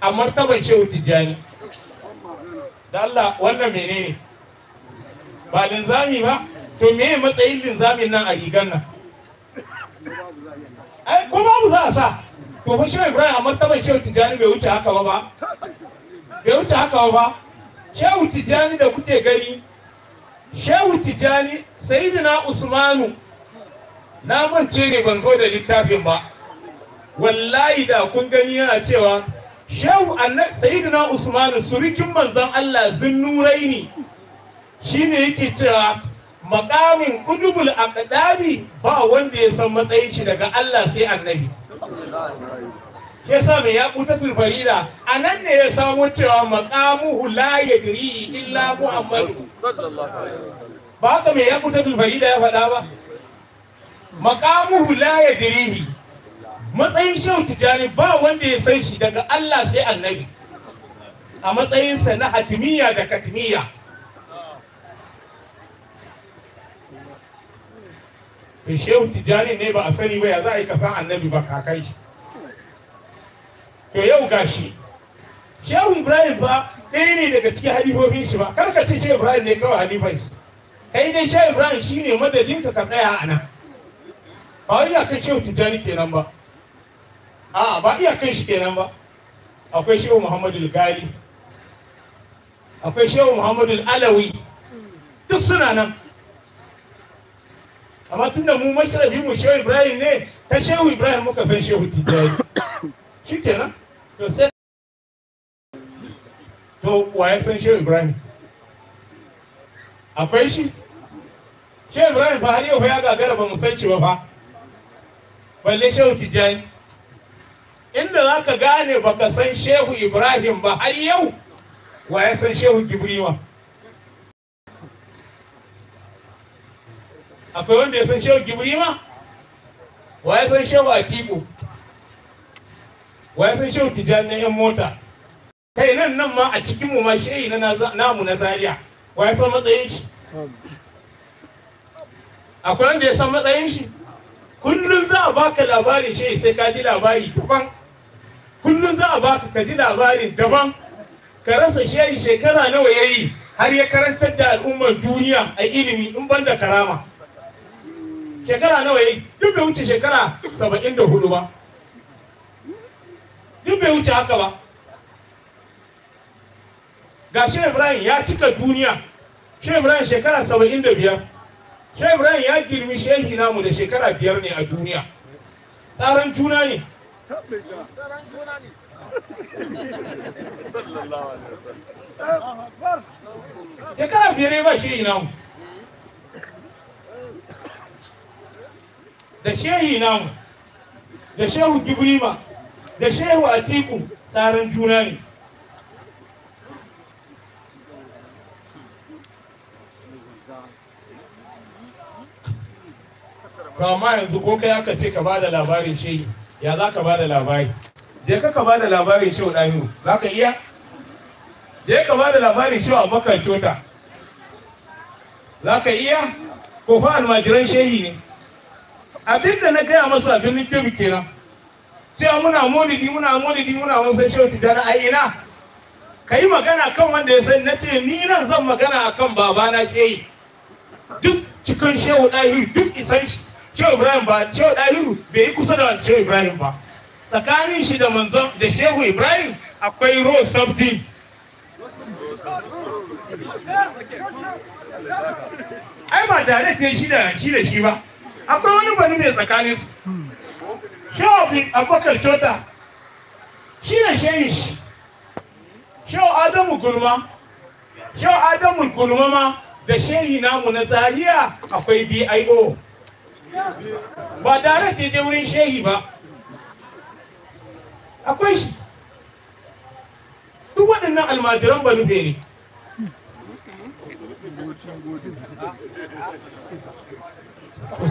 a martaban shehu tijjani da Allah wannan menene ba linzami ba to me matsayin linzamin nan a rigan nan ai ko babu za a sa to ba shi ibrahim a martaban shehu tijjani bai wuce haka ba ba bai wuce haka ba shehu tijjani da kuke gani shehu tijjani sayyidina usmanu na mance ne ban zo da littafin ba wallahi da kun gani yana cewa shehu annabi sayyidina usman surikin manzon Allah ne shine yake cewa makamin udubul aqdami ba wanda ya san matsayin shi daga Allah sai annabi yasa mai ya kutatul farida a nan ne ya samu cewa makamuhu la yadri illa muhammadu ba ka mai ya kutatul farida ya faɗa ba makamuhu la yadrihi matsayin shehu tijani ba wanda ya san shi daga Allah sai annabi a matsayinsa na hatimiya da katimiya shehu tijani ne ba a sani ba ya za a yi kasan annabi ba kakai shi to yau gashi shehu ibrahim ba ɗaya ne daga cikin halifofin shi ba karka ce shehu ibrahim ne kawai halifan shi kai dai shehu ibrahim shine madadin ka ka tsaya a nan ba wai ya kai shehu tijjani kenan ba a ba iya kan shi kenan ba akwai shehu muhammadu Gari. akwai shehu muhammadu alawi duk suna nan amma tun da mu masharabi mu shehu ibrahim ne ta shehu ibrahim muka san shehu tijjani shi kenan to sai to waye san shehu ibrahim akwai shi shehu ibrahim fa har yau ya gagara ba mu san shi ba fa balle shehu tijjani inda za ka gane baka san shehu ibrahim ba har yau wa ya san shehu gibriwa akwai wanda ya san shehu gibriwa wa ya san shehu atiku wa ya san shehu tijjani na yan mota kai nan nan ma a cikin mu ma shehi na namu na zaria wa ya san matsayin shi akwai wanda ya san matsayin shi kullum za a baka labarin shehi sai ka ji labari tufan. kullum za a baka ka ji labarin daban ka rasa shayi shekara nawa ya yi har ya karantar da al'ummar duniya a ilimi in ban da karama shekara nawa ya yi duk bai wuce shekara saba'in da hudu ba duk bai wuce haka ba ga shi ibrahim ya cika duniya shi ibrahim shekara saba'in da biyar shi ibrahim ya girmi shehi namu da shekara biyar ne a duniya tsaron juna ne ya kana fere ba shehi namu da shehi namu da shehu gibrima da shehu atiku tsarin juna ne to yanzu ko kai aka ce ka ba da labarin shehi ya za ka ba da labari je ka ka ba da labarin shehu ɗahiru za ka iya je ka ba da labarin shehu abokan cota za ka iya ko fa almajiran shehi ne abin da na gaya masu abin bi kenan cewa muna molidi muna molidi muna musan shehu tijjani a ina ka yi magana kan wanda ya sani na ce ni nan zan magana akan babana shehi duk cikin shehu ɗahiru duk isan shi cewa ibrahim ba cewa ɗahiru bai yi kusa da cewa ibrahim ba tsakanin shi da manzon da shehu ibrahim akwai road safety ai ba tare ta shi da shi da shi ba akwai wani bani mai tsakanin su shehu abubakar cota shi da shehu shi shehu adamu gulma shehu adamu gulma ma da shehu namu na zaria akwai bio ba tare da je wurin shehi ba akwai shi duk waɗannan almajiran ba nufe ne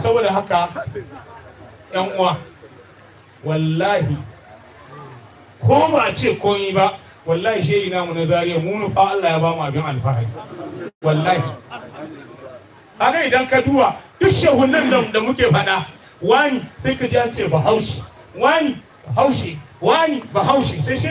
saboda haka yan uwa wallahi ko ba ce komi ba wallahi shehi namu na zariya mu fa Allah ya ba mu abin alfahari wallahi idan ka duba duk shahunan da muke faɗa wani sai ka ji an ce bahaushe wani bahaushe wani bahaushe sai shi